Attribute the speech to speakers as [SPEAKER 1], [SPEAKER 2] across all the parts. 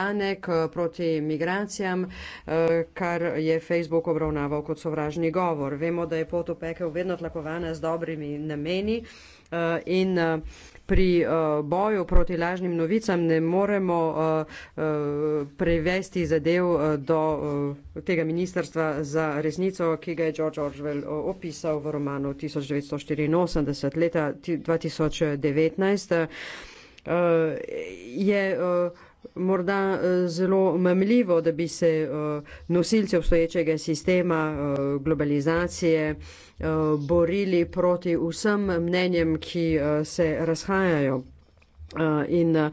[SPEAKER 1] Danek eh, proti migracijam, eh, kar je Facebook obravnaval kot sovražni govor. Vemo, da je pot v pekel vedno tlakovana z dobrimi nameni eh, in pri boju proti lažnim novicam ne moremo prevesti zadev do tega ministrstva za resnico, ki ga je George Orwell opisal v romanu 1984 leta 2019. Je morda eh, zelo mamljivo, da bi se eh, nosilci obstoječega sistema eh, globalizacije borili proti vsem mnenjem, ki se razhajajo. Eh, in eh,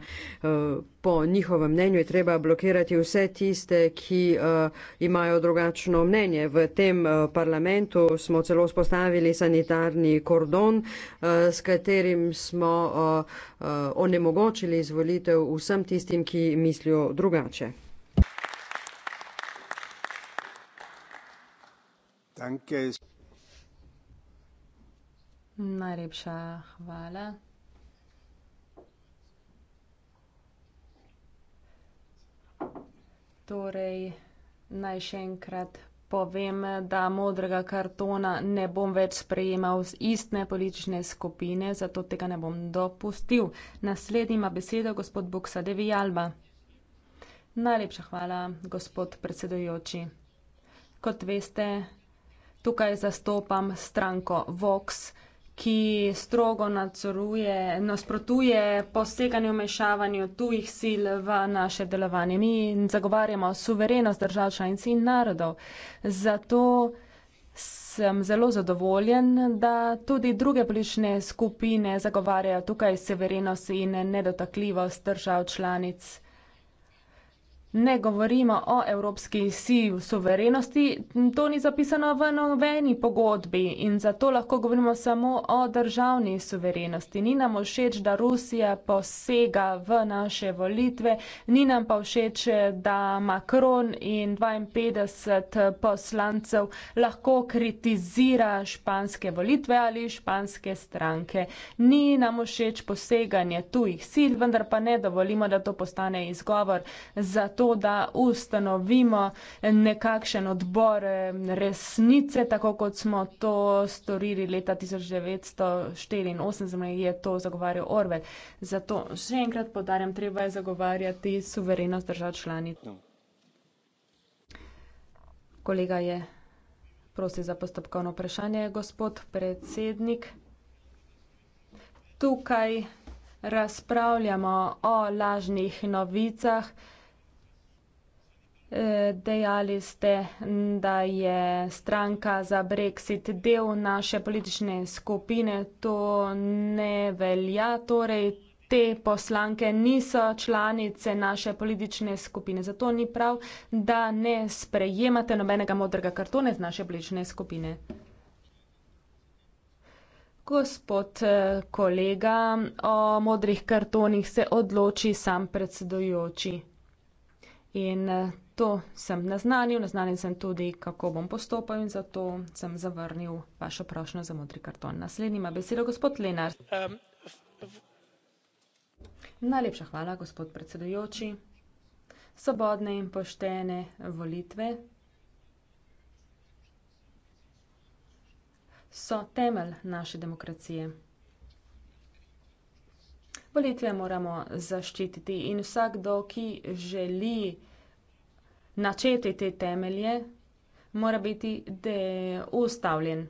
[SPEAKER 1] po njihovem mnenju je treba blokirati vse tiste, ki eh, imajo drugačno mnenje. V tem parlamentu smo celo spostavili sanitarni kordon, s katerim smo onemogočili izvolitev vsem tistim, ki mislijo drugače.
[SPEAKER 2] Najlepša hvala. Torej, naj še enkrat povem, da modrega kartona ne bom več sprejemal z istne politične skupine, zato tega ne bom dopustil. Naslednji ima besedo gospod Buksa Devi Alba. Najlepša hvala, gospod predsedujoči. Kot veste, tukaj zastopam stranko Vox ki strogo nadzoruje, nasprotuje poseganju vmešavanju tujih sil v naše delovanje. Mi zagovarjamo suverenost držav članic in narodov. Zato sem zelo zadovoljen, da tudi druge politične skupine zagovarjajo tukaj severenost in nedotakljivost držav članic ne govorimo o evropski siji suverenosti, to ni zapisano v nobeni pogodbi in zato lahko govorimo samo o državni suverenosti. Ni nam všeč, da Rusija posega v naše volitve, ni nam pa všeč, da Macron in 52 poslancev lahko kritizira španske volitve ali španske stranke. Ni nam všeč poseganje tujih sil, vendar pa ne dovolimo, da to postane izgovor za to, da ustanovimo nekakšen odbor eh, resnice, tako kot smo to storili leta 1984, je to zagovarjal Orwell. Zato še enkrat podarjam, treba je zagovarjati suverenost držav članic. No. Kolega je prosil za postopkovno vprašanje, gospod predsednik. Tukaj razpravljamo o lažnih novicah. Eh, dejali ste, da je stranka za brexit del naše politične skupine. To ne velja. Torej, te poslanke niso članice naše politične skupine. Zato ni prav, da ne sprejemate nobenega modrega kartona iz naše politične skupine. Gospod eh, kolega, o modrih kartonih se odloči sam predsedujoči. In eh, to sem naznanil, naznanil sem tudi, kako bom postopal in zato sem zavrnil vašo prošnjo za modri karton. Naslednji ima besedo gospod Lenar. Um, Najlepša hvala, gospod predsedujoči. Svobodne in poštene volitve so temelj naše demokracije. Volitve moramo zaščititi in vsakdo, ki želi načeti te temelje, mora biti ustavljen.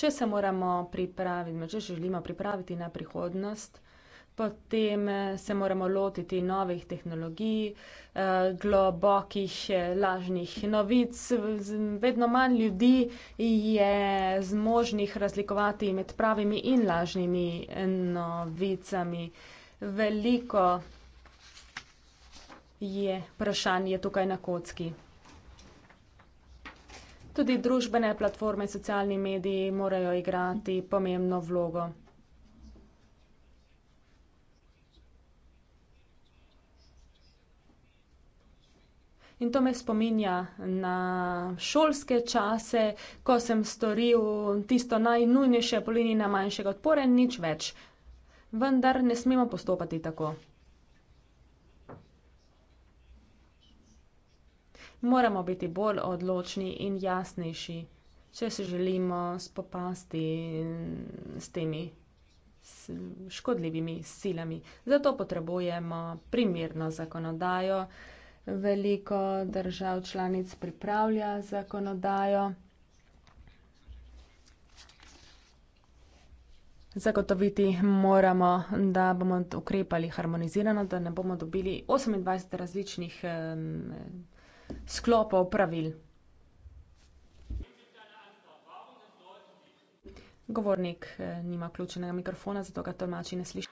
[SPEAKER 2] Če se moramo pripraviti, no, če želimo pripraviti na prihodnost, potem eh, se moramo lotiti novih tehnologij, eh, globokih eh, lažnih novic. Vedno manj ljudi je zmožnih razlikovati med pravimi in lažnimi novicami. Veliko je vprašanje tukaj na kocki. Tudi družbene platforme, socialni mediji morajo igrati pomembno vlogo. In to me spominja na šolske čase, ko sem storil tisto najnujnejše polini na manjšega odpore in nič več. Vendar ne smemo postopati tako. moramo biti bolj odločni in jasnejši, če se želimo spopasti s temi škodljivimi silami. Zato potrebujemo primerno zakonodajo. Veliko držav članic pripravlja zakonodajo. Zagotoviti moramo, da bomo ukrepali harmonizirano, da ne bomo dobili 28 različnih um, sklopov pravil. Govornik, eh, nima vključenega mikrofona, zato ga tolmači ne sliši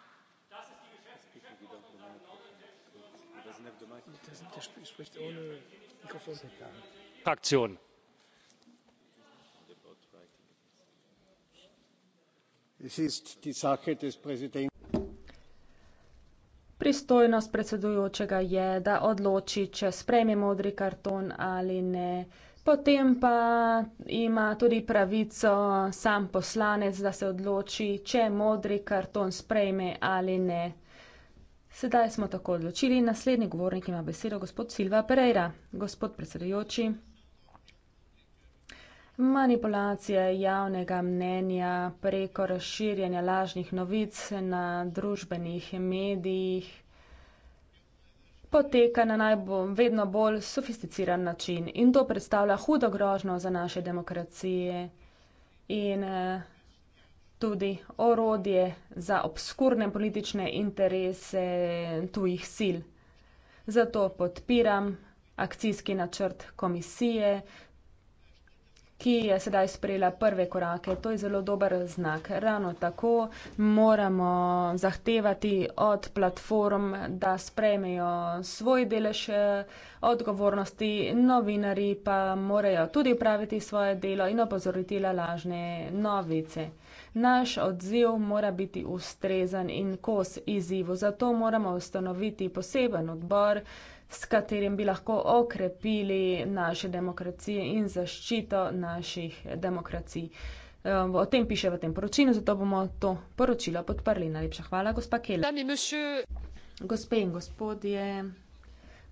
[SPEAKER 2] pristojnost predsedujočega je, da odloči, če sprejme modri karton ali ne. Potem pa ima tudi pravico sam poslanec, da se odloči, če modri karton sprejme ali ne. Sedaj smo tako odločili. Naslednji govornik ima besedo gospod Silva Pereira. Gospod predsedujoči. Manipulacije javnega mnenja preko razširjanja lažnih novic na družbenih medijih poteka na najbolj vedno bolj sofisticiran način in to predstavlja hudo grožno za naše demokracije in eh, tudi orodje za obskurne politične interese tujih sil. Zato podpiram akcijski načrt komisije ki je sedaj sprejela prve korake. To je zelo dober znak. Ravno tako moramo zahtevati od platform, da sprejmejo svoj delež eh, odgovornosti, novinari pa morajo tudi upraviti svoje delo in opozoriti na lažne novice. Naš odziv mora biti ustrezan in kos izzivu, zato moramo ustanoviti poseben odbor, s katerim bi lahko okrepili naše demokracije in zaščito naših demokracij. Ehm, o tem piše v tem poročilu, zato bomo to poročilo podprli. Najlepša hvala, gospa Kele. Gospe in gospodje,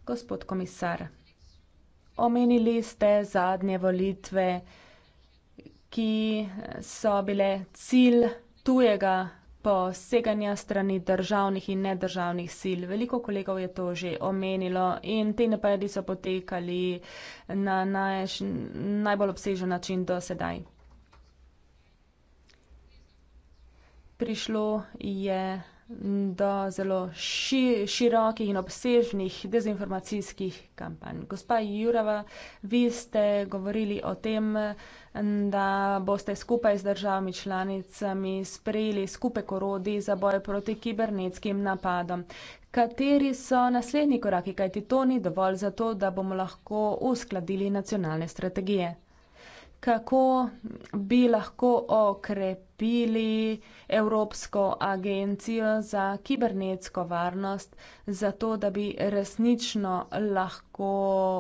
[SPEAKER 2] gospod komisar, omenili ste zadnje volitve, ki so bile cilj tujega poseganja strani državnih in nedržavnih sil. Veliko kolegov je to že omenilo in te napadi so potekali na naj, najbolj obsežen način do sedaj. Prišlo je do zelo ši, širokih in obsežnih dezinformacijskih kampanj. Gospa Jurava, vi ste govorili o tem, da boste skupaj z državami članicami sprejeli skupek orodi za boj proti kibernetskim napadom. Kateri so naslednji koraki, kajti to ni dovolj za to, da bomo lahko uskladili nacionalne strategije? kako bi lahko okrepili Evropsko agencijo za kibernetsko varnost, zato da bi resnično lahko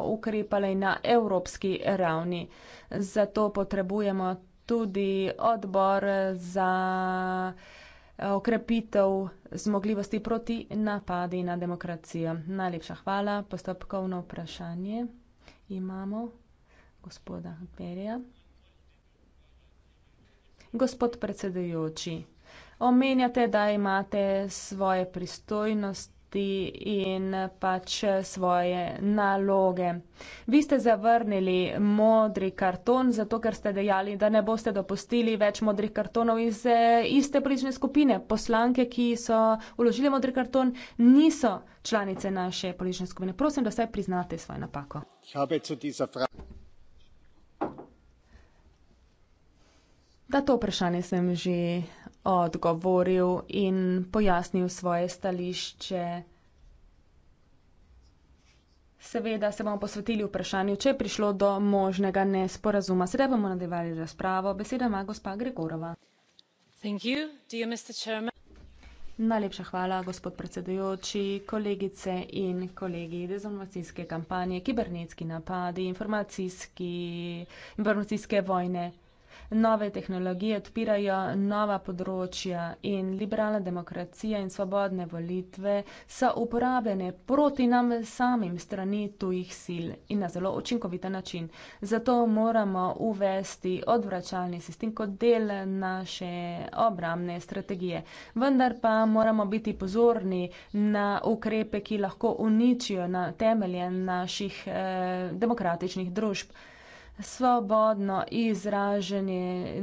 [SPEAKER 2] ukrepali na evropski ravni. Zato potrebujemo tudi odbor za eh, okrepitev zmogljivosti proti napadi na demokracijo. Najlepša hvala. Postopkovno vprašanje imamo gospoda Perija. Gospod predsedujoči, omenjate, da imate svoje pristojnosti in pač svoje naloge. Vi ste zavrnili modri karton, zato ker ste dejali, da ne boste dopustili več modrih kartonov iz eh, iste politične skupine. Poslanke, ki so uložile modri karton, niso članice naše politične skupine. Prosim, da vsaj priznate svojo napako. Da to vprašanje sem že odgovoril in pojasnil svoje stališče. Seveda se bomo posvetili vprašanju, če je prišlo do možnega nesporazuma. Sedaj bomo nadaljevali razpravo. Beseda ima gospa Gregorova. Thank you, dear Mr. Chairman. Najlepša hvala, gospod predsedujoči, kolegice in kolegi dezinformacijske kampanje, kibernetski napadi, informacijske vojne nove tehnologije odpirajo nova področja in liberalna demokracija in svobodne volitve so uporabljene proti nam samim strani tujih sil in na zelo učinkovita način. Zato moramo uvesti odvračalni sistem kot del naše obramne strategije. Vendar pa moramo biti pozorni na ukrepe, ki lahko uničijo na temelje naših eh, demokratičnih družb svobodno izražanje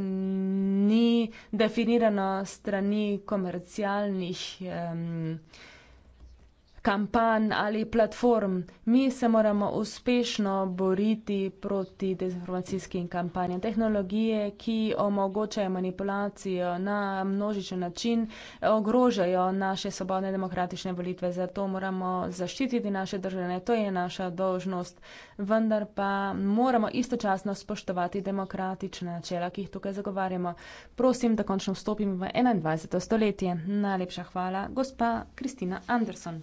[SPEAKER 2] ni definirano strani komercialnih um, kampanj ali platform. Mi se moramo uspešno boriti proti dezinformacijskim kampanjam. Tehnologije, ki omogočajo manipulacijo na množičen način, ogrožajo naše svobodne demokratične volitve. Zato moramo zaščititi naše državljane. To je naša dožnost. Vendar pa moramo istočasno spoštovati demokratične načela, ki jih tukaj zagovarjamo. Prosim, da končno vstopim v 21. stoletje. Najlepša hvala, gospa Kristina Anderson.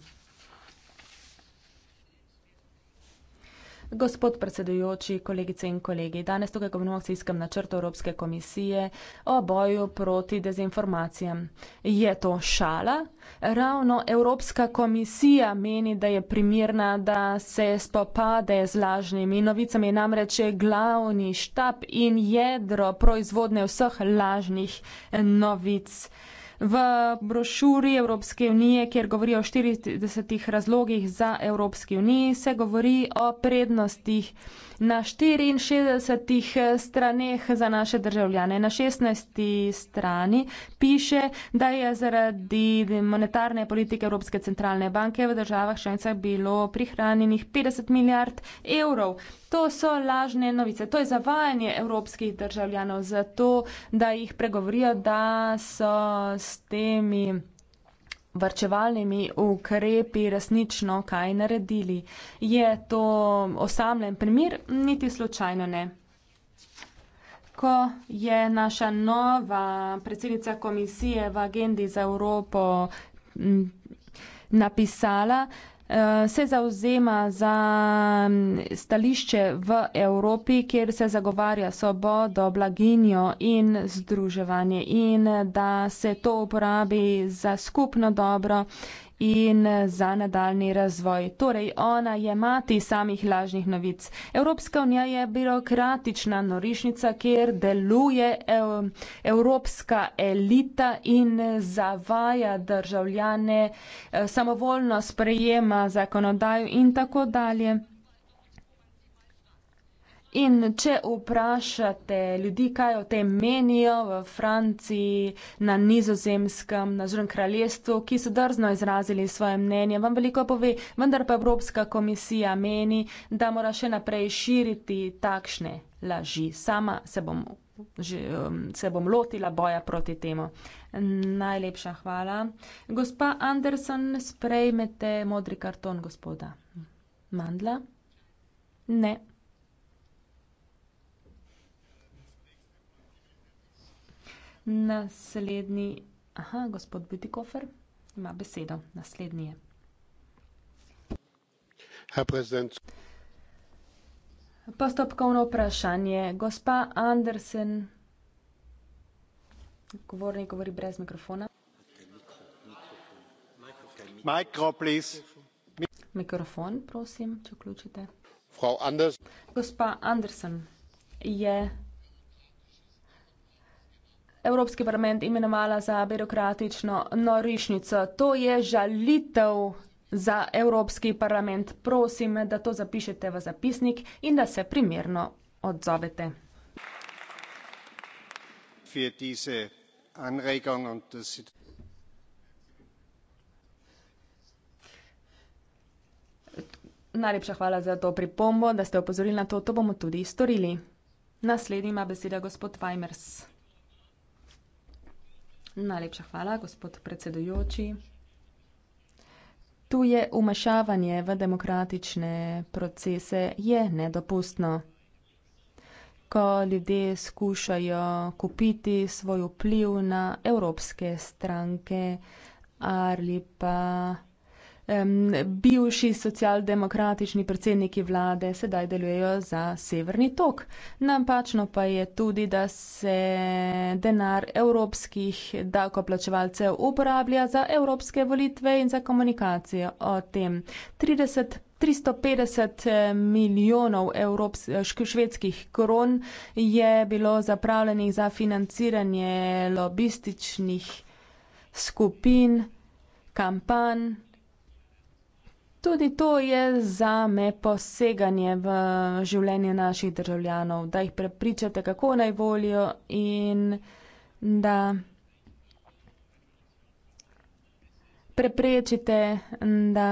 [SPEAKER 2] Gospod predsedujoči, kolegice in kolegi, danes tukaj govorimo o akcijskem načrtu Evropske komisije o boju proti dezinformacijam. Je to šala? Ravno Evropska komisija meni, da je primirna, da se spopade z lažnimi novicami, namreč je glavni štab in jedro proizvodne vseh lažnih novic. V brošuri Evropske unije, kjer govori o 40 razlogih za Evropske unije, se govori o prednostih na 64 straneh za naše državljane. Na 16. strani piše, da je zaradi monetarne politike Evropske centralne banke v državah članicah bilo prihranjenih 50 milijard evrov. To so lažne novice, to je zavajanje evropskih državljanov za to, da jih pregovorijo, da so s temi varčevalnimi ukrepi resnično kaj naredili. Je to osamljen primer? Niti slučajno ne. Ko je naša nova predsednica komisije v agendi za Evropo napisala, Eh, se zauzema za mm, stališče v Evropi, kjer se zagovarja svobodo, blaginjo in združevanje in da se to uporabi za skupno dobro in eh, za nadaljni razvoj. Torej, ona je mati samih lažnih novic. Evropska unija je birokratična norišnica, kjer deluje eh, evropska elita in eh, zavaja državljane, samovoljno sprejema zakonodajo in tako dalje. In če vprašate ljudi, kaj o tem menijo v Franciji, na nizozemskem, na Zrn kraljestvu, ki so drzno izrazili svoje mnenje, vam veliko pove, vendar pa Evropska komisija meni, da mora še naprej širiti takšne laži. Sama se bom, že, um, se bom lotila boja proti temu. Najlepša hvala. Gospa Anderson, sprejmete modri karton gospoda Mandla? Ne. Naslednji, aha, gospod Bütikofer ima besedo. Naslednji je. Postopkovno vprašanje. Gospa Andersen, govornik govori brez mikrofona. Mikrofon, prosim, če vključite. Gospa Andersen je... Evropski parlament imenovala za birokratično norišnico. To je žalitev za Evropski parlament. Prosim, da to zapišete v zapisnik in da se primerno odzovete. Najlepša hvala za to pripombo, da ste opozorili na to. To bomo tudi storili. Naslednji ima beseda gospod Weimers. Najlepša hvala, gospod predsedujoči. Tu je umešavanje v demokratične procese, je nedopustno. Ko ljudje skušajo kupiti svoj vpliv na evropske stranke ali pa um, bivši socialdemokratični predsedniki vlade sedaj delujejo za severni tok. Napačno pa je tudi, da se denar evropskih davkoplačevalcev uporablja za evropske volitve in za komunikacijo o tem. 30 350 eh, milijonov švedskih kron je bilo zapravljenih za financiranje lobističnih skupin, kampanj Tudi to je za me poseganje v življenje naših državljanov, da jih prepričate, kako naj volijo in da preprečite, da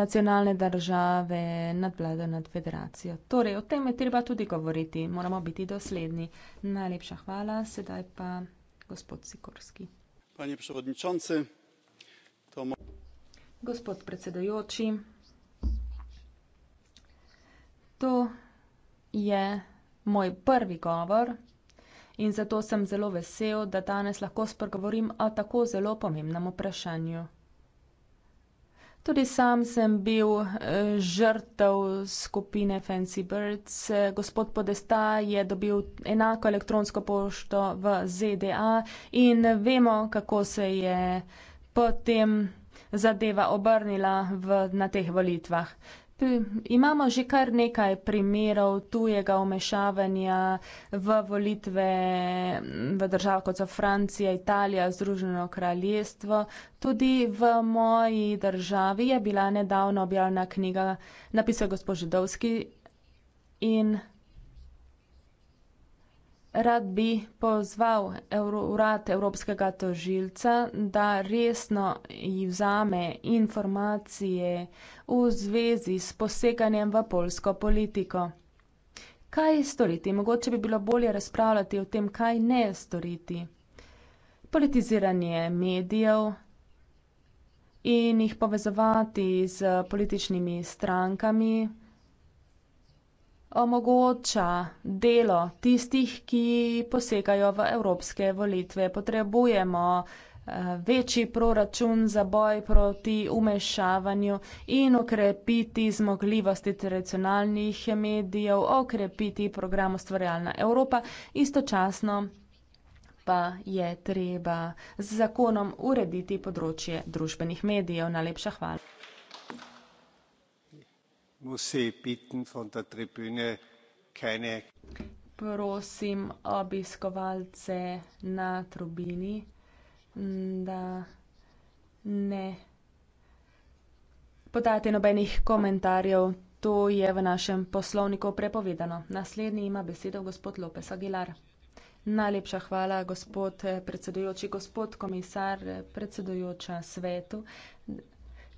[SPEAKER 2] nacionalne države nadvlada nad federacijo. Torej, o tem je treba tudi govoriti, moramo biti dosledni. Najlepša hvala, sedaj pa gospod Sikorski.
[SPEAKER 3] Panie przewodniczący, to mo-
[SPEAKER 2] Gospod predsedajoči, to je moj prvi govor in zato sem zelo vesel, da danes lahko spregovorim o tako zelo pomembnem vprašanju. Tudi sam sem bil eh, žrtev skupine Fancy Birds. Gospod Podesta je dobil enako elektronsko pošto v ZDA in vemo, kako se je potem zadeva obrnila v, na teh volitvah. Imamo že kar nekaj primerov tujega umešavanja v volitve v državah kot so Francija, Italija, Združeno kraljestvo. Tudi v moji državi je bila nedavno objavljena knjiga, napisal gospod Židovski in rad bi pozval Euro, urad Evropskega tožilca, da resno ji vzame informacije v zvezi s poseganjem v polsko politiko. Kaj storiti? Mogoče bi bilo bolje razpravljati o tem, kaj ne storiti. Politiziranje medijev in jih povezovati z političnimi strankami omogoča delo tistih, ki posegajo v evropske volitve. Potrebujemo eh, večji proračun za boj proti umešavanju in okrepiti zmogljivosti tradicionalnih medijev, okrepiti program Ustvarjalna Evropa, istočasno pa je treba z zakonom urediti področje družbenih medijev. Najlepša hvala. Prosim obiskovalce na tribuni, mm, da ne podajate nobenih komentarjev. To je v našem poslovniku prepovedano. Naslednji ima besedo gospod Lopez Aguilar. Najlepša hvala, gospod predsedujoči. Gospod komisar, predsedujoča svetu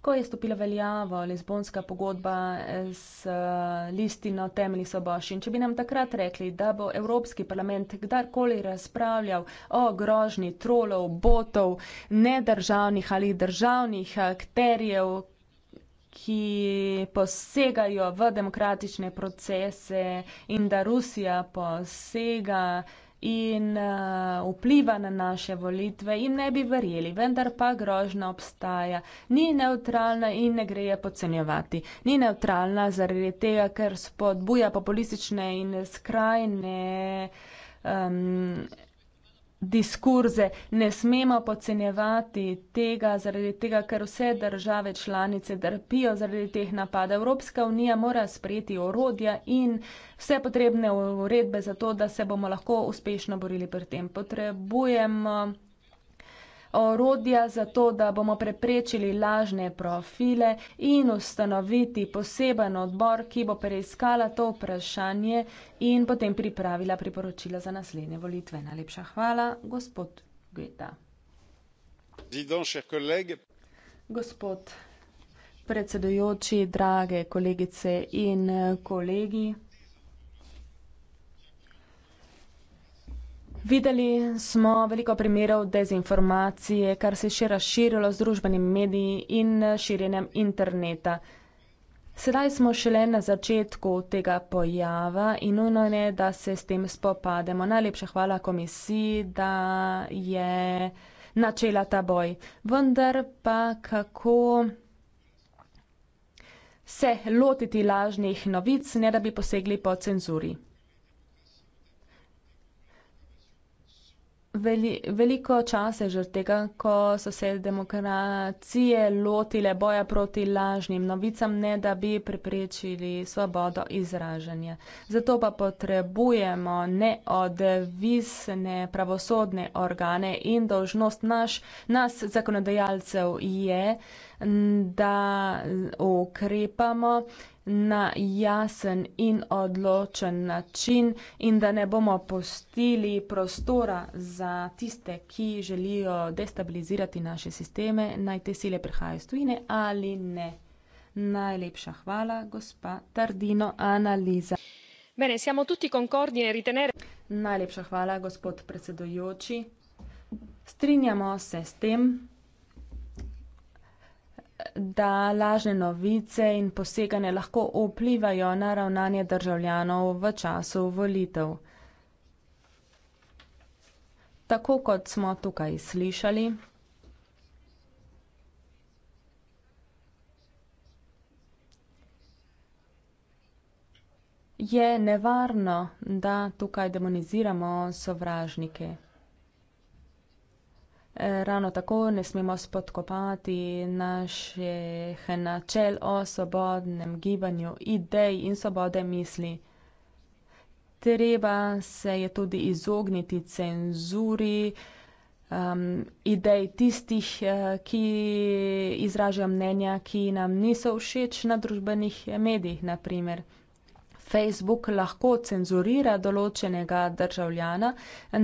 [SPEAKER 2] ko je stopila veljavo Lizbonska pogodba s listino temeljnih svoboščin, če bi nam takrat rekli, da bo Evropski parlament kdarkoli razpravljal o grožnji trolov, botov, nedržavnih ali državnih akterjev, ki posegajo v demokratične procese in da Rusija posega in uh, vpliva na naše volitve, jim ne bi verjeli, vendar pa grožna obstaja. Ni neutralna in ne gre je pocenjevati. Ni neutralna zaradi tega, ker spodbuja populistične in skrajne. Um, diskurze. Ne smemo podcenjevati tega, zaradi tega, ker vse države članice drpijo zaradi teh napadov. Evropska unija mora sprejeti orodja in vse potrebne uredbe za to, da se bomo lahko uspešno borili pri tem. Potrebujemo orodja za to, da bomo preprečili lažne profile in ustanoviti poseben odbor, ki bo preiskala to vprašanje in potem pripravila priporočila za naslednje volitve. Najlepša hvala, gospod Gveta.
[SPEAKER 3] Gospod
[SPEAKER 2] predsedujoči, drage kolegice in kolegi. Videli smo veliko primerov dezinformacije, kar se je še razširilo z družbenimi mediji in širjenjem interneta. Sedaj smo šele na začetku tega pojava in nujno je, da se s tem spopademo. Najlepša hvala komisiji, da je načela ta boj. Vendar pa kako se lotiti lažnih novic, ne da bi posegli po cenzuri. Veli, veliko časa je že od tega, ko so se demokracije lotile boja proti lažnim novicam, ne da bi preprečili svobodo izražanja. Zato pa potrebujemo neodvisne pravosodne organe in dožnost naš, nas zakonodajalcev je, da ukrepamo na jasen in odločen način in da ne bomo postili prostora za tiste, ki želijo destabilizirati naše sisteme, naj te sile prihajajo iz tujine ali ne. Najlepša hvala, gospa Tardino Analiza. Bene, siamo tutti concordi nel ritenere. Najlepša hvala, gospod predsedujoči. Strinjamo se s tem da lažne novice in poseganje lahko vplivajo na ravnanje državljanov v času volitev. Tako kot smo tukaj slišali, je nevarno, da tukaj demoniziramo sovražnike. Ravno tako ne smemo spodkopati naših načel o svobodnem gibanju idej in svobode misli. Treba se je tudi izogniti cenzuri um, idej tistih, eh, ki izražajo mnenja, ki nam niso všeč na družbenih medijih, naprimer. Facebook lahko cenzurira določenega državljana,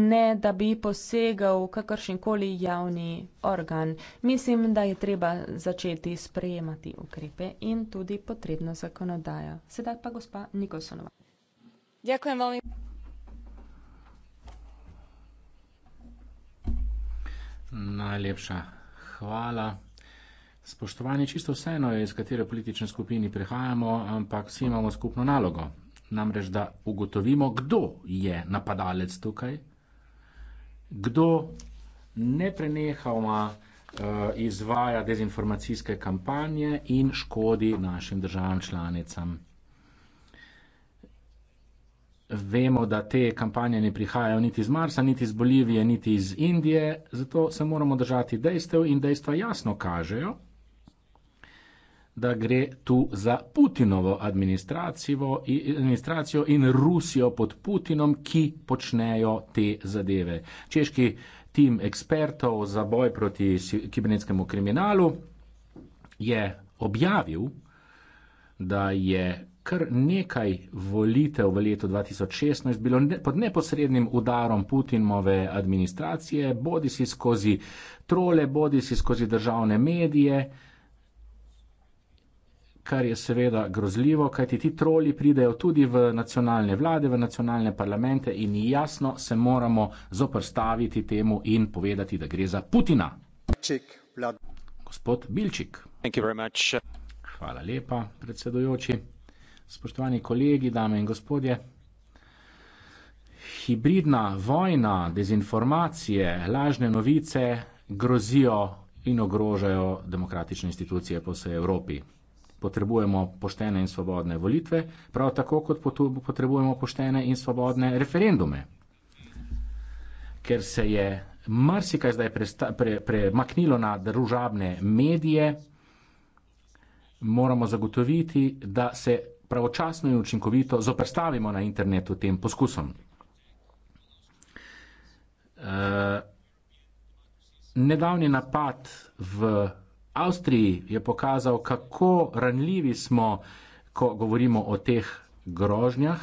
[SPEAKER 2] ne da bi posegal kakršenkoli javni organ. Mislim, da je treba začeti sprejemati ukrepe in tudi potrebno zakonodajo. Sedaj pa gospa Nikolsonova. Ďakujem veľmi.
[SPEAKER 4] Najlepša hvala. Spoštovani, čisto vseeno je, iz katere politične skupini prihajamo, ampak vsi imamo skupno nalogo. Namreč, da ugotovimo, kdo je napadalec tukaj, kdo ne prenehoma uh, izvaja dezinformacijske kampanje in škodi našim državam članicam. Vemo, da te kampanje ne prihajajo niti iz Marsa, niti iz Bolivije, niti iz Indije, zato se moramo držati dejstev in dejstva jasno kažejo, da gre tu za Putinovo administracijo in Rusijo pod Putinom, ki počnejo te zadeve. Češki tim ekspertov za boj proti kibernetskemu kriminalu je objavil, da je kar nekaj volitev v letu 2016 bilo pod neposrednim udarom Putinove administracije, bodi si skozi trole, bodi si skozi državne medije, kar je seveda grozljivo, kajti ti troli pridejo tudi v nacionalne vlade, v nacionalne parlamente in jasno se moramo zoprstaviti temu in povedati, da gre za Putina. Bilčik, Gospod Bilčik. Hvala lepa, predsedujoči. Spoštovani kolegi, dame in gospodje. Hibridna vojna, dezinformacije, lažne novice grozijo in ogrožajo demokratične institucije po vsej Evropi potrebujemo poštene in svobodne volitve, prav tako kot potrebujemo poštene in svobodne referendume. Ker se je marsikaj zdaj premaknilo na družabne medije, moramo zagotoviti, da se pravočasno in učinkovito zoprstavimo na internetu tem poskusom. Uh, nedavni napad v Avstriji je pokazal, kako ranljivi smo, ko govorimo o teh grožnjah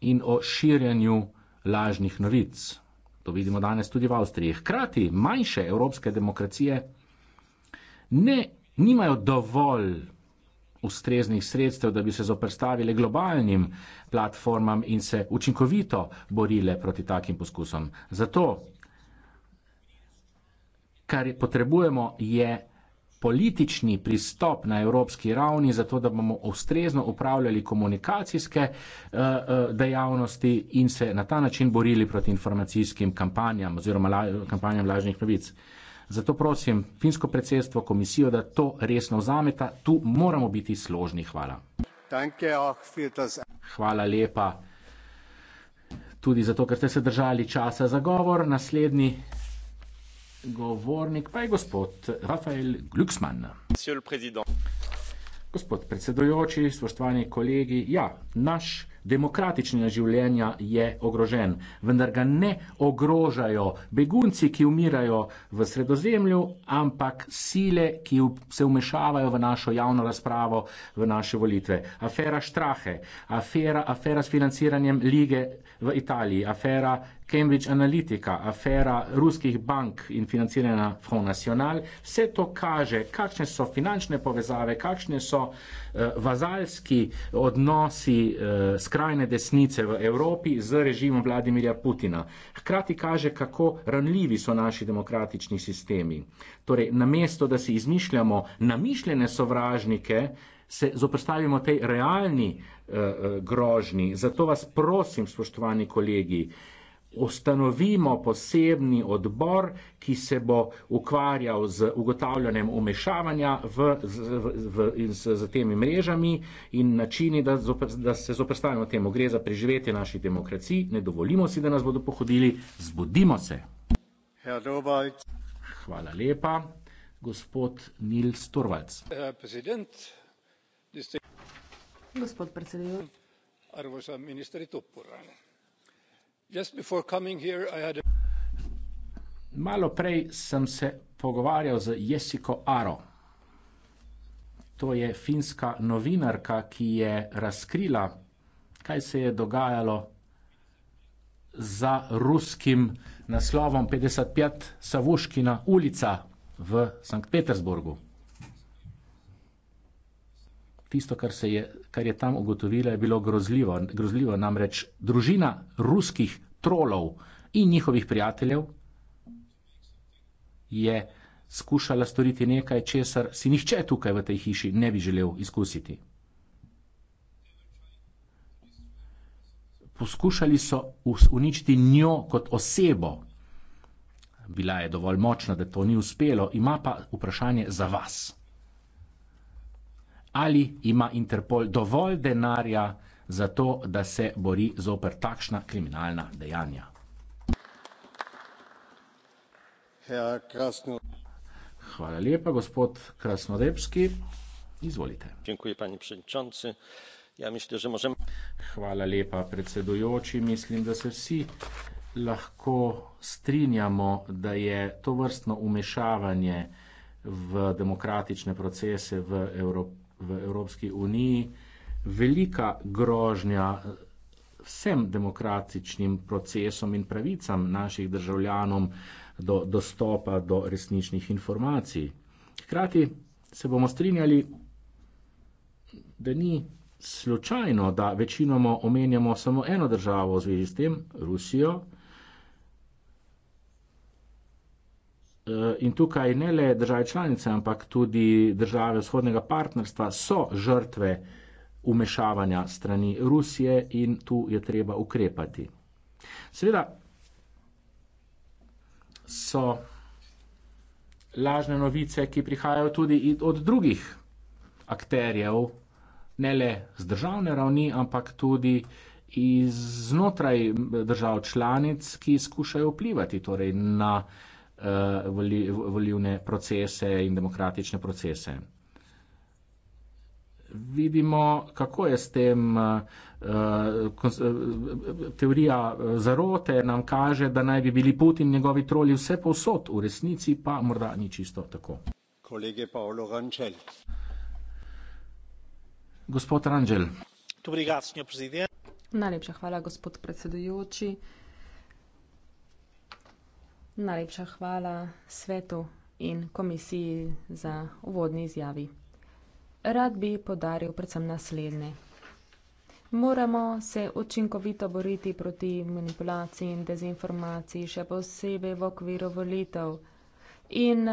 [SPEAKER 4] in o širjanju lažnih novic. To vidimo danes tudi v Avstriji. Hkrati manjše evropske demokracije ne, nimajo dovolj ustreznih sredstev, da bi se zoprstavile globalnim platformam in se učinkovito borile proti takim poskusom. Zato, kar potrebujemo, je politični pristop na evropski ravni, zato da bomo ustrezno upravljali komunikacijske eh, eh, dejavnosti in se na ta način borili proti informacijskim kampanjam oziroma kampanjam lažnih novic. Zato prosim finsko predsedstvo, komisijo, da to resno vzameta. Tu moramo biti složni. Hvala. Hvala lepa. Tudi zato, ker ste se držali časa za govor. Naslednji govornik pa je gospod Rafael Glucksmann. Gospod predsedujoči, spoštovani kolegi, ja, naš demokratični način življenja je ogrožen, vendar ga ne ogrožajo begunci, ki umirajo v sredozemlju, ampak sile, ki se umešavajo v našo javno razpravo, v naše volitve. Afera Strahe, afera, afera s financiranjem lige v Italiji, afera Cambridge Analytica, afera ruskih bank in financiranja Front National, vse to kaže, kakšne so finančne povezave, kakšne so uh, vazalski odnosi uh, skrajne desnice v Evropi z režimom Vladimirja Putina. Hkrati kaže, kako ranljivi so naši demokratični sistemi. Torej, namesto, da si izmišljamo namišljene sovražnike, se zoprstavimo tej realni uh, eh, grožni. Zato vas prosim, spoštovani kolegi, uh, ustanovimo posebni odbor, ki se bo ukvarjal z ugotavljanjem umešavanja v, v, v, z, z temi mrežami in načini, da, zopr, da se zoprstavimo temu. Gre za preživetje naših demokracij, ne dovolimo si, da nas bodo pohodili, zbudimo se. Hvala lepa. Gospod Nils Torvalds.
[SPEAKER 3] Gospod predsedujoči. Arvoisa ministeri Tuppurainen.
[SPEAKER 4] Malo prej sem se pogovarjal z Jessico Aro. To je finska novinarka, ki je razkrila, kaj se je dogajalo za ruskim naslovom 55 Savuškina ulica v Sankt Petersburgu tisto, kar, je, kar je tam ugotovila, je bilo grozljivo. Grozljivo namreč družina ruskih trolov in njihovih prijateljev je skušala storiti nekaj, česar si nihče tukaj v tej hiši ne bi želel izkusiti. Poskušali so uničiti njo kot osebo. Bila je dovolj močna, da to ni uspelo, ima pa vprašanje za vas ali ima Interpol dovolj denarja za to, da se bori zoper takšna kriminalna dejanja.
[SPEAKER 3] Ja, krasno.
[SPEAKER 4] Hvala lepa, gospod Krasnodebski. Izvolite. Ja Hvala lepa, predsedujoči. Mislim, da se vsi lahko strinjamo, da je to vrstno umešavanje v demokratične procese v Evropi v Evropski uniji velika grožnja eh, vsem demokratičnim procesom in pravicam naših državljanom do dostopa do resničnih informacij. Hkrati se bomo strinjali, da ni slučajno, da večinoma omenjamo samo eno državo v zvezi s tem, Rusijo, In tukaj ne le države članice, ampak tudi države vzhodnega partnerstva so žrtve umešavanja strani Rusije in tu je treba ukrepati. Seveda so lažne novice, ki prihajajo tudi od drugih akterjev, ne le z državne ravni, ampak tudi iz znotraj držav članic, ki skušajo vplivati torej na. Eh, volivne procese in demokratične procese. Vidimo, kako je s tem eh, eh, teorija zarote, nam kaže, da naj bi bili Putin njegovi troli vse povsod, v resnici pa morda ni čisto tako.
[SPEAKER 3] Kolege Paolo Rančel.
[SPEAKER 4] Gospod Rančel.
[SPEAKER 2] Najlepša hvala, gospod predsedujoči. Najlepša hvala svetu in komisiji za uvodni izjavi. Rad bi podaril predvsem naslednje. Moramo se učinkovito boriti proti manipulaciji in dezinformaciji, še posebej v okviru volitev. In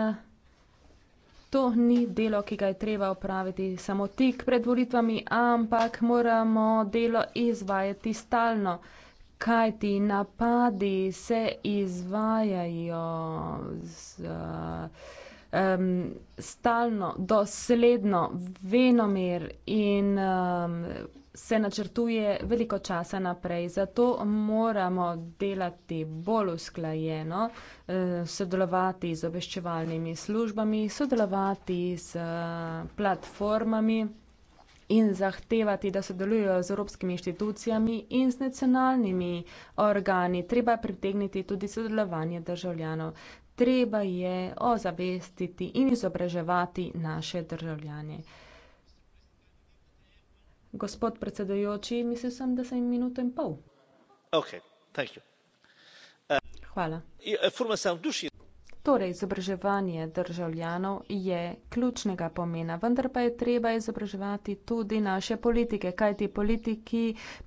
[SPEAKER 2] to ni delo, ki ga je treba opraviti samo tik pred volitvami, ampak moramo delo izvajati stalno kaj ti napadi se izvajajo z, um, stalno, dosledno, venomir in um, se načrtuje veliko časa naprej. Zato moramo delati bolj usklajeno, uh, sodelovati z obveščevalnimi službami, sodelovati z uh, eh, platformami in zahtevati, da sodelujejo z evropskimi inštitucijami in s nacionalnimi organi. Treba je pritegniti tudi sodelovanje državljanov. Treba je ozavestiti in izobraževati naše državljane. Gospod predsedujoči, mislil sem, da sem minuto in pol.
[SPEAKER 3] Okay, thank you. Uh, Hvala. Uh,
[SPEAKER 2] Torej, izobraževanje državljanov je ključnega pomena, vendar pa je treba izobraževati tudi naše politike, kajti politiki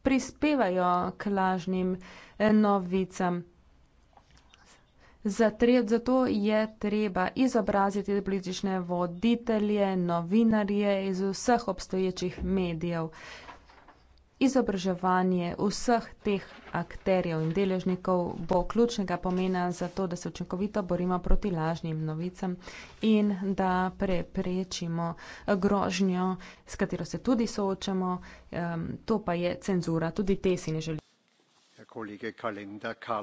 [SPEAKER 2] prispevajo k lažnim eh, novicam. Zato je treba izobraziti politične voditelje, novinarje iz vseh obstoječih medijev. Izobraževanje vseh teh akterjev in deležnikov bo ključnega pomena za to, da se učinkovito borimo proti lažnim novicam in da preprečimo grožnjo, s katero se tudi soočamo, to pa je cenzura. Tudi te si ne želimo.
[SPEAKER 1] Ja,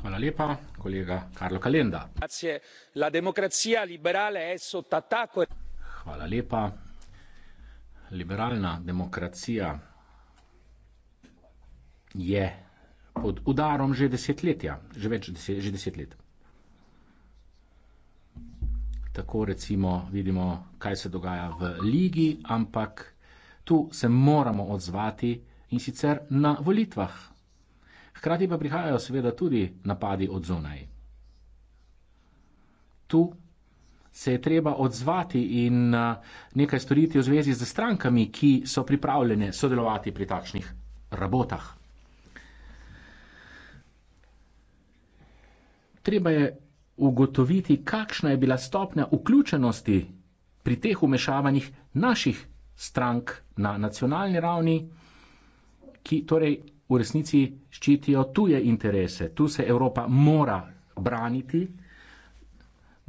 [SPEAKER 2] Hvala lepa, kolega Karlo Kalenda.
[SPEAKER 4] Hvala lepa. Liberalna demokracija je pod udarom že desetletja, že več deset, že deset let. Tako recimo vidimo, kaj se dogaja v ligi, ampak tu se moramo odzvati in sicer na volitvah. Hkrati pa prihajajo seveda tudi napadi od zunaj. Tu se je treba odzvati in nekaj storiti v zvezi z strankami, ki so pripravljene sodelovati pri takšnih rabotah. treba je ugotoviti, kakšna je bila stopnja vključenosti pri teh umešavanjih naših strank na nacionalni ravni, ki torej v resnici ščitijo tuje interese. Tu se Evropa mora braniti,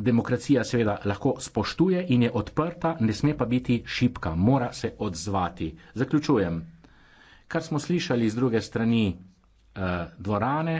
[SPEAKER 4] demokracija seveda lahko spoštuje in je odprta, ne sme pa biti šipka, mora se odzvati. Zaključujem. Kar smo slišali z druge strani eh, dvorane,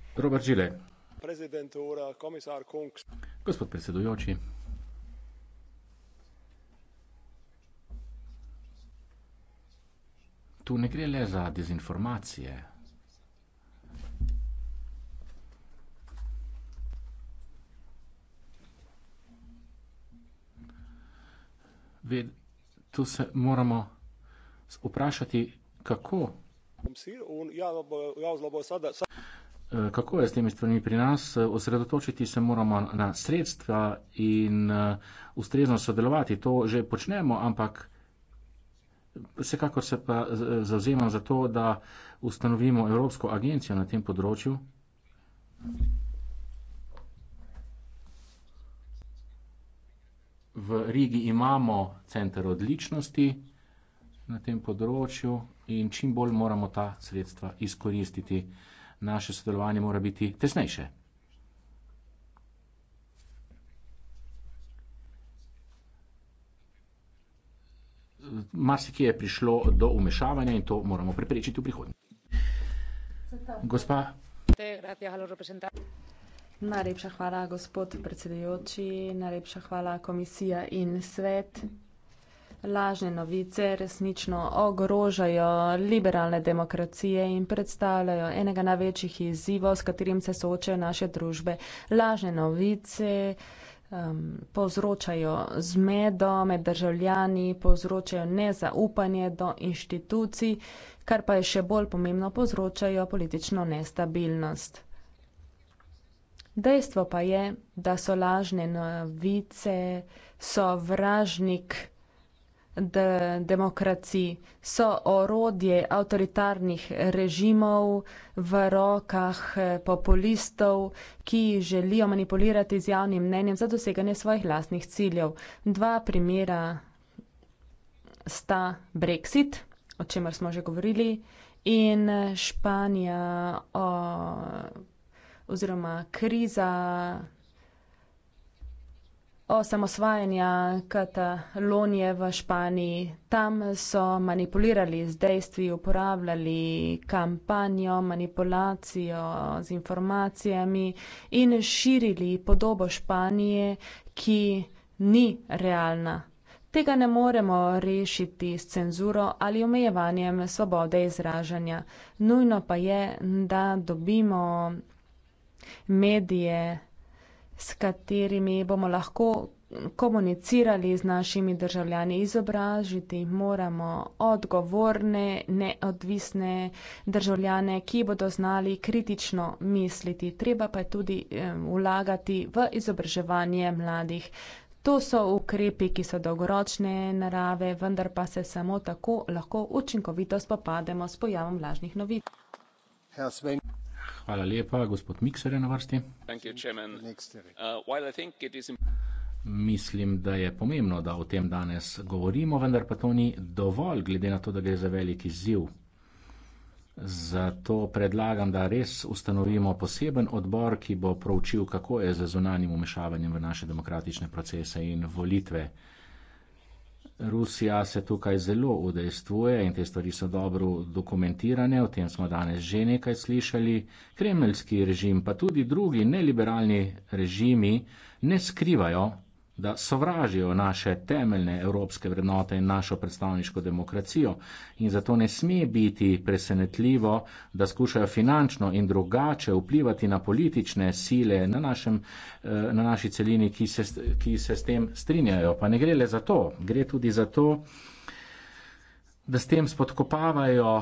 [SPEAKER 3] Robert Žile.
[SPEAKER 4] Gospod predsedujoči. Tu ne gre le za dezinformacije. Ved, tu se moramo vprašati, kako. Eh, kako je s temi stvarmi pri nas? Eh, osredotočiti se moramo na sredstva in eh, ustrezno sodelovati. To že počnemo, ampak vsekakor se pa zauzemam za to, da ustanovimo Evropsko agencijo na tem področju. V Rigi imamo center odličnosti na tem področju in čim bolj moramo ta sredstva izkoristiti naše sodelovanje mora biti tesnejše. Marsikje je prišlo do umešavanja in to moramo preprečiti v prihodnje. Gospa.
[SPEAKER 2] Najlepša hvala, gospod predsedujoči, najlepša hvala komisija in svet lažne novice resnično ogrožajo liberalne demokracije in predstavljajo enega največjih izzivov, s katerim se soočajo naše družbe. Lažne novice um, povzročajo zmedo med državljani, povzročajo nezaupanje do inštitucij, kar pa je še bolj pomembno, povzročajo politično nestabilnost. Dejstvo pa je, da so lažne novice sovražnik de demokraciji, so orodje avtoritarnih režimov v rokah eh, populistov, ki želijo manipulirati z javnim mnenjem za doseganje svojih lastnih ciljev. Dva primera sta Brexit, o čemer smo že govorili, in eh, Španija, o, oziroma kriza osamosvajanja Katalonije v Španiji. Tam so manipulirali z dejstvi, uporabljali kampanjo, manipulacijo z informacijami in širili podobo Španije, ki ni realna. Tega ne moremo rešiti s cenzuro ali omejevanjem svobode izražanja. Nujno pa je, da dobimo medije s katerimi bomo lahko komunicirali z našimi državljani, izobražiti moramo odgovorne, neodvisne državljane, ki bodo znali kritično misliti. Treba pa je tudi vlagati v izobraževanje mladih. To so ukrepi, ki so dolgoročne narave, vendar pa se samo tako lahko učinkovito spopademo s pojavom lažnih
[SPEAKER 3] novic. Ja,
[SPEAKER 4] Hvala lepa. Gospod Mikser je na vrsti. Uh, Mislim, da je pomembno, da o tem danes govorimo, vendar pa to ni dovolj, glede na to, da gre za veliki ziv. Zato predlagam, da res ustanovimo poseben odbor, ki bo proučil, kako je z zunanjim umešavanjem v naše demokratične procese in volitve. Rusija se tukaj zelo udejstvuje in te stvari so dobro dokumentirane, o tem smo danes že nekaj slišali. Kremljski režim, pa tudi drugi neliberalni režimi, ne skrivajo da sovražijo naše temeljne evropske vrednote in našo predstavniško demokracijo in zato ne sme biti presenetljivo, da skušajo finančno in drugače vplivati na politične sile na, našem, eh, na naši celini, ki se, ki se s tem strinjajo. Pa ne gre le za to, gre tudi za to, da s tem spodkopavajo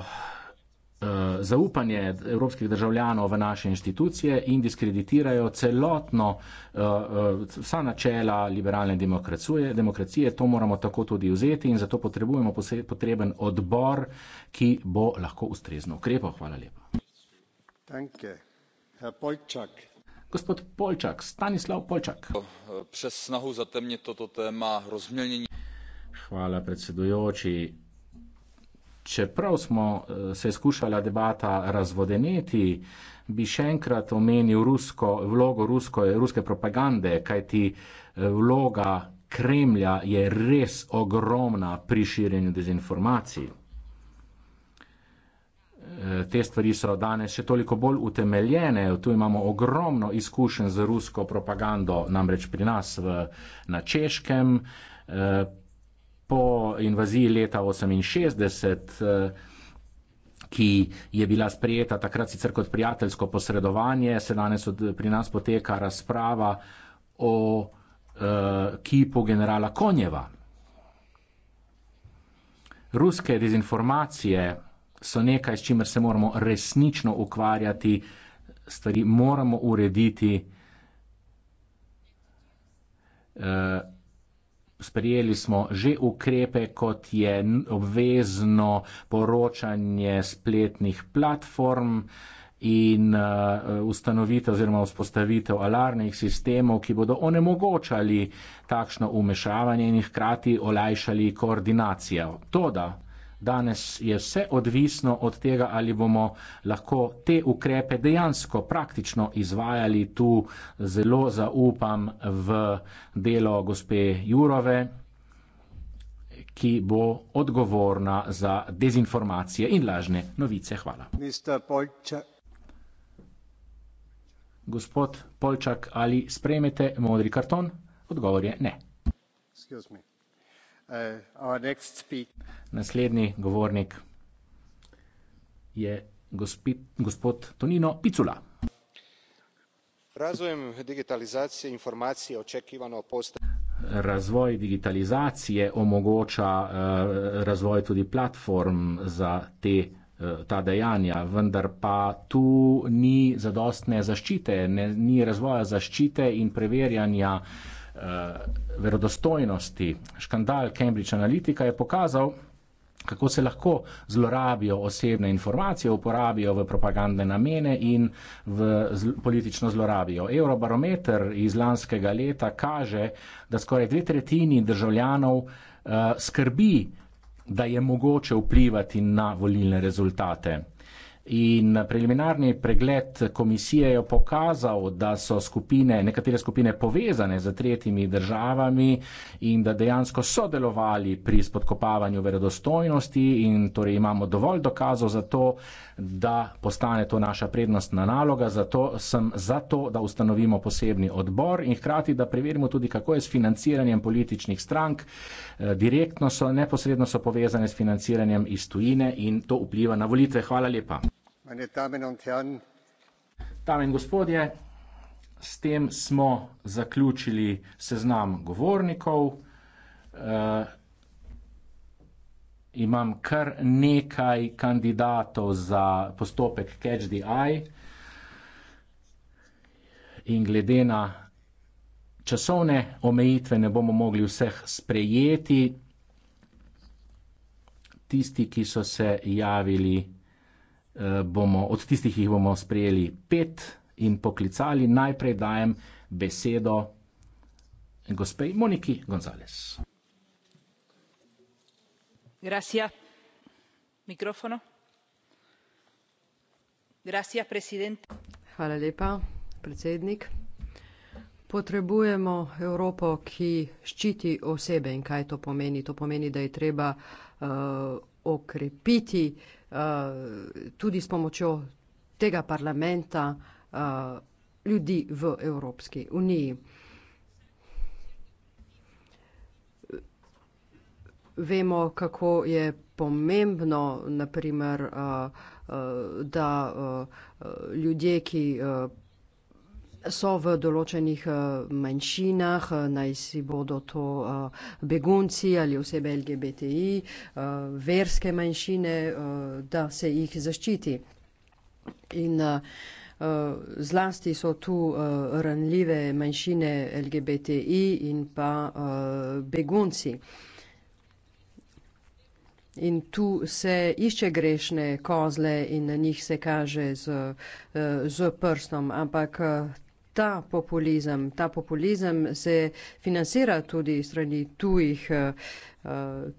[SPEAKER 4] Eh, zaupanje evropskih državljanov v naše institucije in diskreditirajo celotno eh, eh, vsa načela liberalne demokracije. demokracije. To moramo tako tudi vzeti in zato potrebujemo potreben odbor, ki bo lahko ustrezno ukrepal. Hvala
[SPEAKER 3] lepa. Danke. Herr Polčak.
[SPEAKER 4] Gospod Polčak, Stanislav Polčak.
[SPEAKER 3] Přes snahu zatemnit toto téma rozmělnění.
[SPEAKER 4] Hvala predsedujoči čeprav smo eh, se skušala debata razvodeneti, bi še enkrat omenil rusko, vlogo rusko, ruske propagande, kajti eh, vloga Kremlja je res ogromna pri širjenju dezinformacij. Eh, te stvari so danes še toliko bolj utemeljene, tu imamo ogromno izkušenj z rusko propagando, namreč pri nas v, na Češkem, po invaziji leta 68, eh, ki je bila sprejeta takrat sicer kot prijateljsko posredovanje, se danes od, pri nas poteka razprava o uh, kipu generala Konjeva. Ruske dezinformacije so nekaj, s čimer se moramo resnično ukvarjati, stvari moramo urediti. Uh, Sprijeli smo že ukrepe, kot je obvezno poročanje spletnih platform in uh, ustanovitev oziroma vzpostavitev alarmnih sistemov, ki bodo onemogočali takšno umešavanje in hkrati olajšali koordinacijo. Toda Danes je vse odvisno od tega, ali bomo lahko te ukrepe dejansko praktično izvajali. Tu zelo zaupam v delo gospe Jurove, ki bo odgovorna za dezinformacije in lažne novice. Hvala. Gospod Polčak, ali spremete modri karton? Odgovor je ne.
[SPEAKER 3] Excuse me. Uh,
[SPEAKER 4] Naslednji govornik je gospod Tonino Picula.
[SPEAKER 3] Razvojem digitalizacije informacije očekivano postane.
[SPEAKER 4] Razvoj digitalizacije omogoča eh, razvoj tudi platform za te eh, ta dejanja, vendar pa tu ni zadostne zaščite, ne, ni razvoja zaščite in preverjanja uh, uh, verodostojnosti škandal Cambridge Analytica je pokazal, kako se lahko zlorabijo osebne informacije, uporabijo v propagandne namene in v zl politično zlorabijo. Eurobarometer iz lanskega leta kaže, da skoraj dve tretjini državljanov uh, skrbi, da je mogoče vplivati na volilne rezultate. In preliminarni pregled komisije je pokazal, da so skupine, nekatere skupine povezane z tretjimi državami in da dejansko sodelovali pri spodkopavanju verodostojnosti in torej imamo dovolj dokazov za to, da postane to naša prednostna naloga, zato sem za to, da ustanovimo posebni odbor in hkrati, da preverimo tudi, kako je s financiranjem političnih strank, eh, direktno so, neposredno so povezane s financiranjem iz tujine in to vpliva na volitve. Hvala lepa. Dame in gospodje, s tem smo zaključili seznam govornikov. Uh, imam kar nekaj kandidatov za postopek Catch the Eye in glede na časovne omejitve ne bomo mogli vseh sprejeti. Tisti, ki so se javili, bomo, od tistih jih bomo sprejeli pet in poklicali. Najprej dajem besedo gospe Moniki Gonzales.
[SPEAKER 2] Gracias. Mikrofono.
[SPEAKER 1] Gracias, president. Hvala lepa, predsednik. Potrebujemo Evropo, ki ščiti osebe in kaj to pomeni. To pomeni, da je treba uh, okrepiti uh, tudi s pomočjo tega parlamenta uh, ljudi v Evropski uniji. Vemo, kako je pomembno, naprimer, uh, eh, uh, da uh, ljudje, ki uh, so v določenih eh, manjšinah, eh, naj si bodo to eh, begunci ali osebe LGBTI, verske manjšine, da se jih zaščiti. In zlasti so tu ranljive manjšine LGBTI in pa begunci. In tu se išče grešne kozle in na njih se kaže z, z prstom, ampak ta populizem. Ta populizem se financira tudi strani tujih, eh, eh,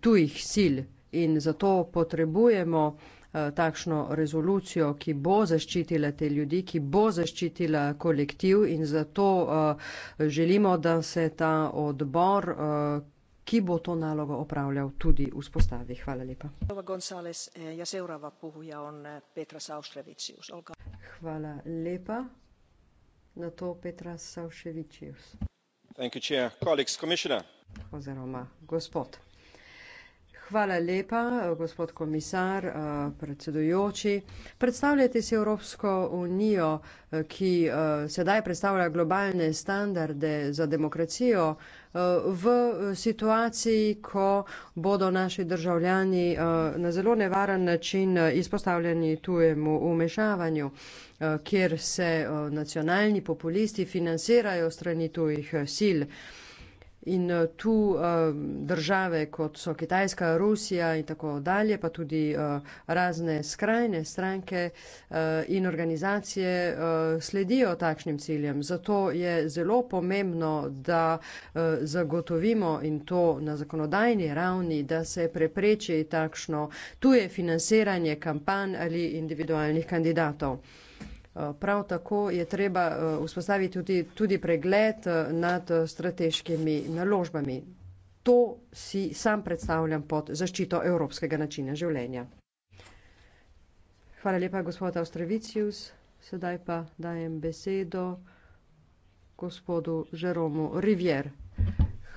[SPEAKER 1] tujih sil in zato potrebujemo eh, takšno rezolucijo, ki bo zaščitila te ljudi, ki bo zaščitila kolektiv in zato želimo, da se ta odbor, ki bo to nalogo opravljal, tudi vzpostavi. Hvala lepa. Ja, Hvala lepa nato Petras Saušević.
[SPEAKER 3] Thank you, Chair. Colleagues, Commissioner.
[SPEAKER 1] Oziroma, gospod. Hvala lepa, gospod komisar, eh, predsedujoči. Predstavljate si Evropsko unijo, eh, ki eh, sedaj predstavlja globalne standarde za demokracijo, Eh, v situaciji, ko bodo naši državljani eh, na zelo nevaren način eh, izpostavljeni tujemu umešavanju, kjer se nacionalni populisti financirajo strani tujih sil. In eh, tu uh, države, kot so Kitajska, Rusija in tako dalje, pa tudi uh, razne skrajne stranke uh, in organizacije uh, sledijo takšnim ciljem. Zato je zelo pomembno, da uh, zagotovimo in to na zakonodajni ravni, da se prepreči takšno tuje financiranje kampanj ali individualnih kandidatov. Uh, Eh, prav tako je treba eh, vzpostaviti tudi, tudi pregled eh, nad strateškimi naložbami. To si sam predstavljam pod zaščito evropskega načina življenja. Hvala lepa, gospod Austrovicius. Sedaj pa dajem besedo gospodu Žeromu Rivier.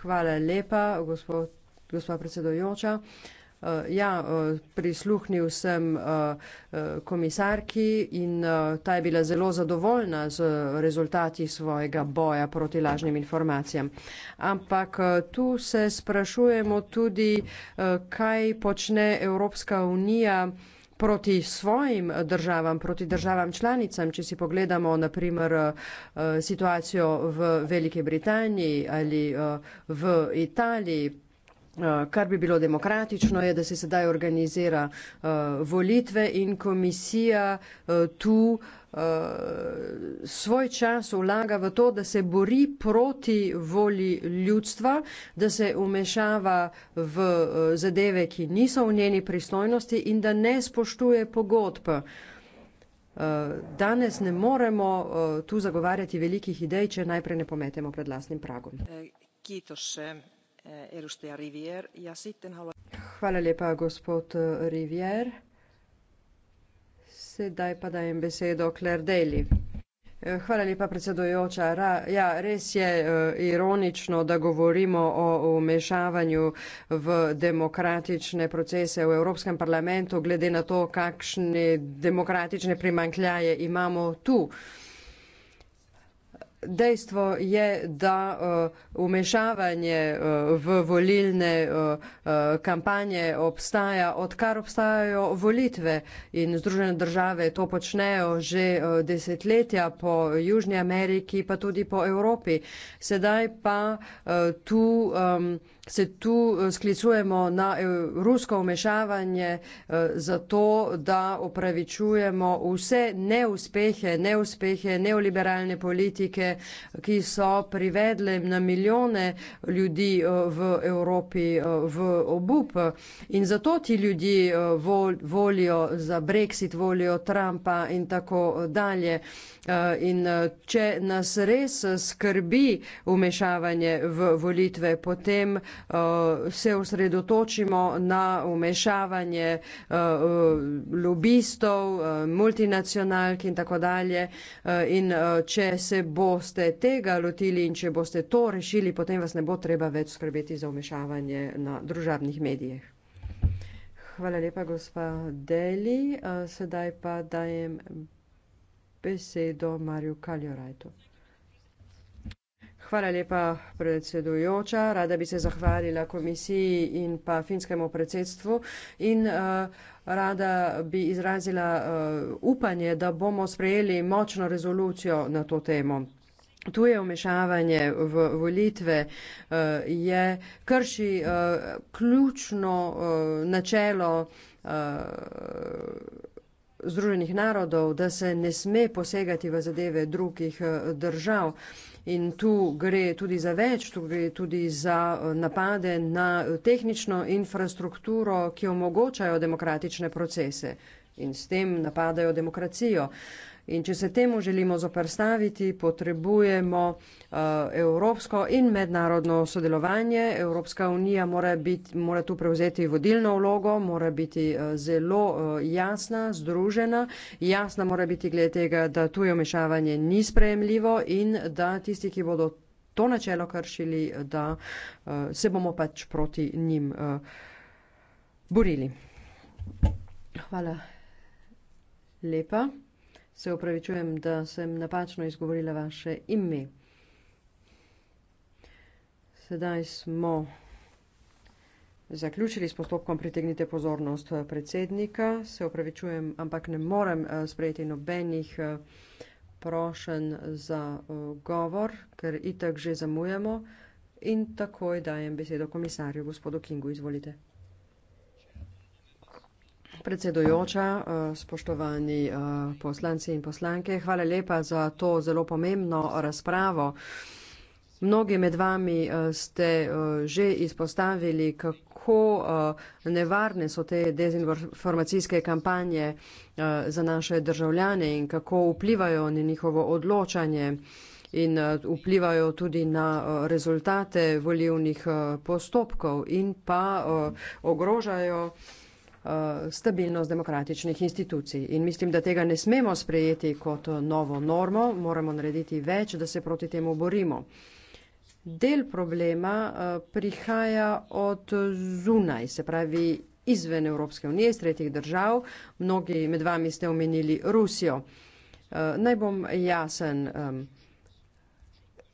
[SPEAKER 1] Hvala lepa, gospod, gospod predsedojoča. Uh, Uh, ja, uh, prisluhnil sem uh, uh, komisarki in uh, ta je bila zelo zadovoljna z rezultati svojega boja proti lažnim informacijam. Ampak uh, tu se sprašujemo tudi, uh, kaj počne Evropska unija proti svojim državam, proti državam članicam, če si pogledamo naprimer situacijo v Veliki Britaniji ali v Italiji, Eh, kar bi bilo demokratično, je, da se sedaj organizira uh, volitve in komisija uh, tu uh, svoj čas vlaga v to, da se bori proti volji ljudstva, da se umešava v uh, zadeve, ki niso v njeni pristojnosti in da ne spoštuje pogodb. Danes ne moremo tu zagovarjati velikih idej, če najprej ne pometemo pred lasnim pragom. Kitoše. Eh, ja hvala lepa, gospod eh, Rivier. Sedaj pa dajem besedo Claire Daly. Eh, hvala lepa, predsedujoča. Ra, ja, res je uh, ironično, da govorimo o vmešavanju v demokratične procese v Evropskem parlamentu, glede na to, kakšne demokratične primankljaje imamo tu. Uh, Dejstvo je, da umešavanje eh, eh, v volilne eh, kampanje obstaja, odkar obstajajo volitve in Združene države to počnejo že desetletja po Južni Ameriki, pa tudi po Evropi. Sedaj pa tu se tu eh, sklicujemo na eh, rusko umešavanje eh, zato, da opravičujemo vse neuspehe, neuspehe neoliberalne politike, ki so privedle na milijone ljudi v Evropi v obup. In zato ti ljudje volijo za Brexit, volijo Trumpa in tako dalje. In če nas res skrbi umešavanje v volitve, potem uh, se osredotočimo na umešavanje uh, lobistov, uh, multinacionalk in tako dalje. Uh, in uh, če se boste tega lotili in če boste to rešili, potem vas ne bo treba več skrbeti za umešavanje na družabnih medijih. Hvala lepa, gospa Deli. Uh, sedaj pa dajem besedo Marju Kaljorajtu. Hvala lepa, predsedujoča. Rada bi se zahvalila komisiji in pa finskemu predsedstvu in uh, rada bi izrazila uh, upanje, da bomo sprejeli močno rezolucijo na to temo. Tuje vmešavanje v volitve eh, je krši ključno načelo Združenih narodov, da se ne sme posegati v zadeve drugih držav. In tu gre tudi za več, tu gre tudi za eh, napade na eh, tehnično infrastrukturo, ki omogočajo demokratične procese in s tem napadajo demokracijo. In če se temu želimo zoprstaviti, potrebujemo uh, evropsko in mednarodno sodelovanje. Evropska unija mora, biti, mora tu prevzeti vodilno vlogo, mora biti uh, zelo uh, jasna, združena. Jasna mora biti glede tega, da tuje omešavanje ni sprejemljivo in da tisti, ki bodo to načelo kršili, da uh, se bomo pač proti njim uh, borili. Hvala lepa. Se opravičujem, da sem napačno izgovorila vaše ime. Sedaj smo zaključili s postopkom pritegnite pozornost eh, predsednika. Se opravičujem, ampak ne morem eh, sprejeti nobenih eh, prošen za govor, ker itak že zamujamo. In takoj dajem besedo komisarju, gospodu Kingu. Izvolite predsedujoča, eh, spoštovani eh, poslanci in poslanke, hvala lepa za to zelo pomembno razpravo. Mnogi med vami eh, ste že izpostavili, kako nevarne so te dezinformacijske kampanje za naše državljane in kako vplivajo na njihovo odločanje in vplivajo tudi na rezultate volivnih postopkov in pa ogrožajo Eh, stabilnost demokratičnih institucij. In mislim, da tega ne smemo sprejeti kot novo normo, moramo narediti več, da se proti temu borimo. Del problema eh, prihaja od zunaj, se pravi izven Evropske unije, iz tretjih držav. Mnogi med vami ste omenili Rusijo. Eh, naj bom jasen.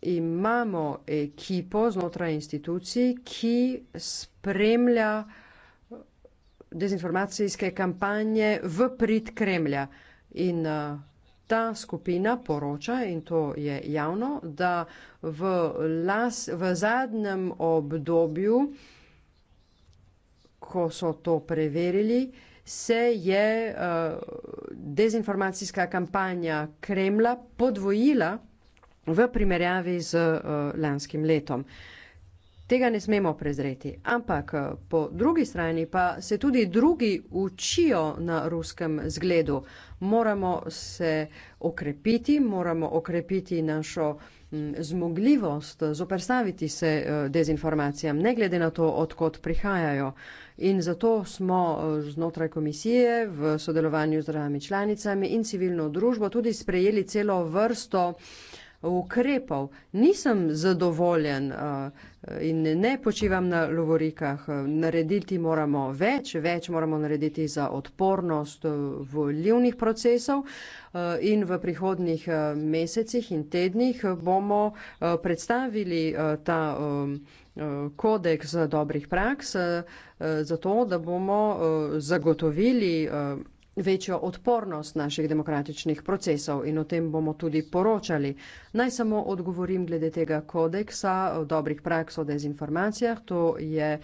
[SPEAKER 1] Imamo ekipo znotraj institucij, ki spremlja dezinformacijske kampanje v prid Kremlja. In uh, ta skupina poroča, in to je javno, da v, las, v zadnjem obdobju, ko so to preverili, se je uh, dezinformacijska kampanja Kremlja podvojila v primerjavi z uh, lanskim letom tega ne smemo prezreti. Ampak eh, po drugi strani pa se tudi drugi učijo na ruskem zgledu. Moramo se okrepiti, moramo okrepiti našo mm, zmogljivost, zoprstaviti se eh, dezinformacijam, ne glede na to, odkot prihajajo. In zato smo eh, znotraj komisije v sodelovanju z drugimi članicami in civilno družbo tudi sprejeli celo vrsto uh, ukrepov, nisem zadovoljen eh, in ne počivam na lovorikah. Narediti moramo več, več moramo narediti za odpornost eh, voljivnih procesov eh, in v prihodnih mesecih in tednih bomo predstavili ta kodeks dobrih praks, zato da bomo zagotovili večjo odpornost naših demokratičnih procesov in o tem bomo tudi poročali. Naj samo odgovorim glede tega kodeksa o dobrih praks o dezinformacijah. Je, eh,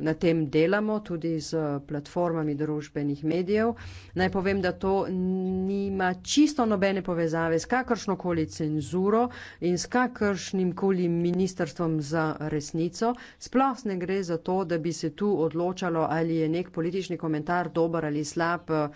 [SPEAKER 1] na tem delamo tudi z platformami družbenih medijev. Naj povem, da to nima čisto nobene povezave s kakršnokoli cenzuro in s kakršnim koli ministrstvom za resnico. Sploh ne gre za to, da bi se tu odločalo, ali je nek politični komentar dober ali slab, eh,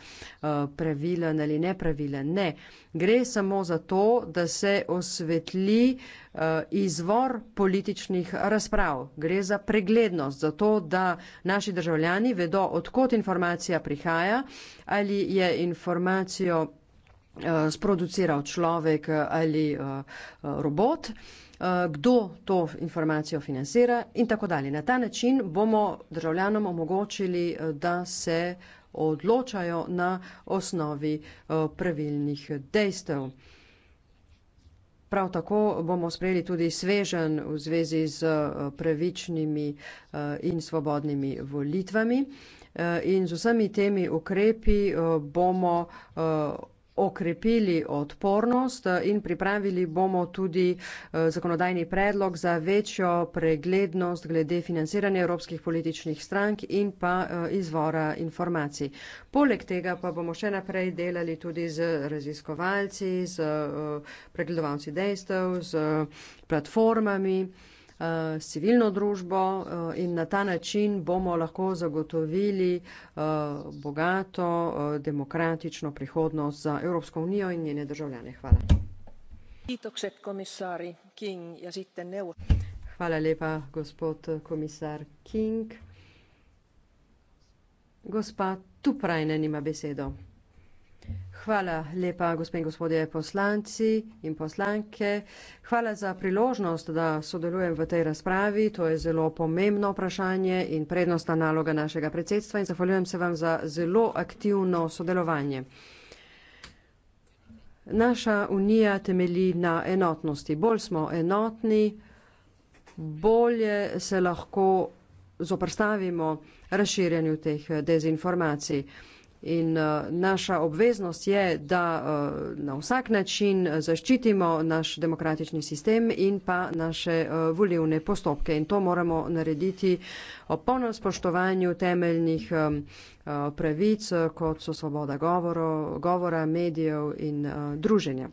[SPEAKER 1] pravilen ali nepravilen. Ne. Gre samo za to, da se se osvetli eh, izvor političnih razprav. Gre za preglednost, za to, da naši državljani vedo, odkot informacija prihaja, ali je informacijo eh, sproduciral človek ali eh, robot, kdo to informacijo financira in tako dalje. Na ta način bomo državljanom omogočili, da se odločajo na osnovi pravilnih dejstev. Prav tako bomo sprejeli tudi svežen v zvezi z eh, pravičnimi eh, in svobodnimi volitvami. Eh, in z vsemi temi ukrepi bomo okrepili odpornost eh, in pripravili bomo tudi eh, zakonodajni predlog za večjo preglednost glede financiranja evropskih političnih strank in pa eh, izvora informacij. Poleg tega pa bomo še naprej delali tudi z raziskovalci, z pregledovalci dejstev, z platformami. Eh, civilno družbo eh, in na ta način bomo lahko zagotovili eh, bogato demokratično prihodnost za Evropsko unijo in njene državljane. Hvala. Ja Hvala lepa, gospod komisar King. Gospa Tuprajnen ima besedo. Hvala lepa, gospe in gospodje poslanci in poslanke. Hvala za priložnost, da sodelujem v tej razpravi. To je zelo pomembno vprašanje in prednostna naloga našega predsedstva in zahvaljujem se vam za zelo aktivno sodelovanje. Naša unija temelji na enotnosti. Bolj smo enotni, bolje se lahko zoprstavimo razširjanju teh dezinformacij. In uh, naša obveznost je, da uh, na vsak način zaščitimo naš demokratični sistem in pa naše uh, volivne postopke. In to moramo narediti o polnem spoštovanju temeljnih um, uh, pravic, kot so svoboda govoro, govora, medijev in uh, druženja.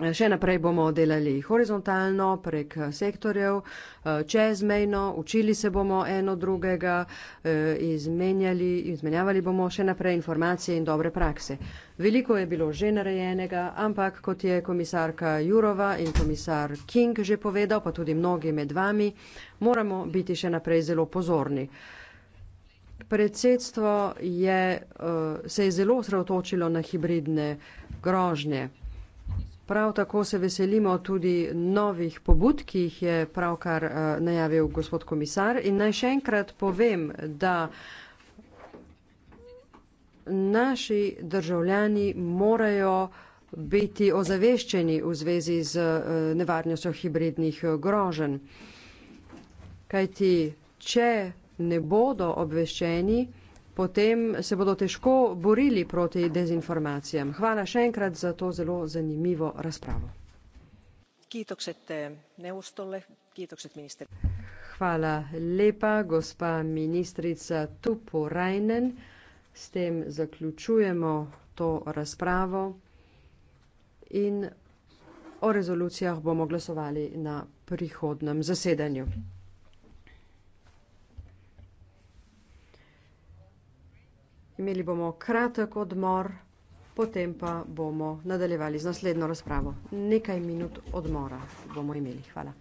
[SPEAKER 1] Še naprej bomo delali horizontalno, prek sektorjev, eh, čezmejno, učili se bomo eno drugega, eh, izmenjali, izmenjavali bomo še naprej informacije in dobre prakse. Veliko je bilo že narejenega, ampak kot je komisarka Jurova in komisar King že povedal, pa tudi mnogi med vami, moramo biti še naprej zelo pozorni. Predsedstvo je, eh, se je zelo sravtočilo na hibridne grožnje. Prav tako se veselimo tudi novih pobud, ki jih je pravkar eh, najavil gospod komisar. In naj še enkrat povem, da naši državljani morajo biti ozaveščeni v zvezi z eh, nevarnostjo hibridnih eh, groženj. Kajti, če ne bodo obveščeni, potem se bodo težko borili proti dezinformacijam. Hvala še enkrat za to zelo zanimivo razpravo. Eh, Hvala lepa, gospa ministrica Tuporajnen. S tem zaključujemo to razpravo in o rezolucijah bomo glasovali na prihodnem zasedanju. Imeli bomo kratek odmor, potem pa bomo nadaljevali z naslednjo razpravo. Nekaj minut odmora bomo imeli. Hvala.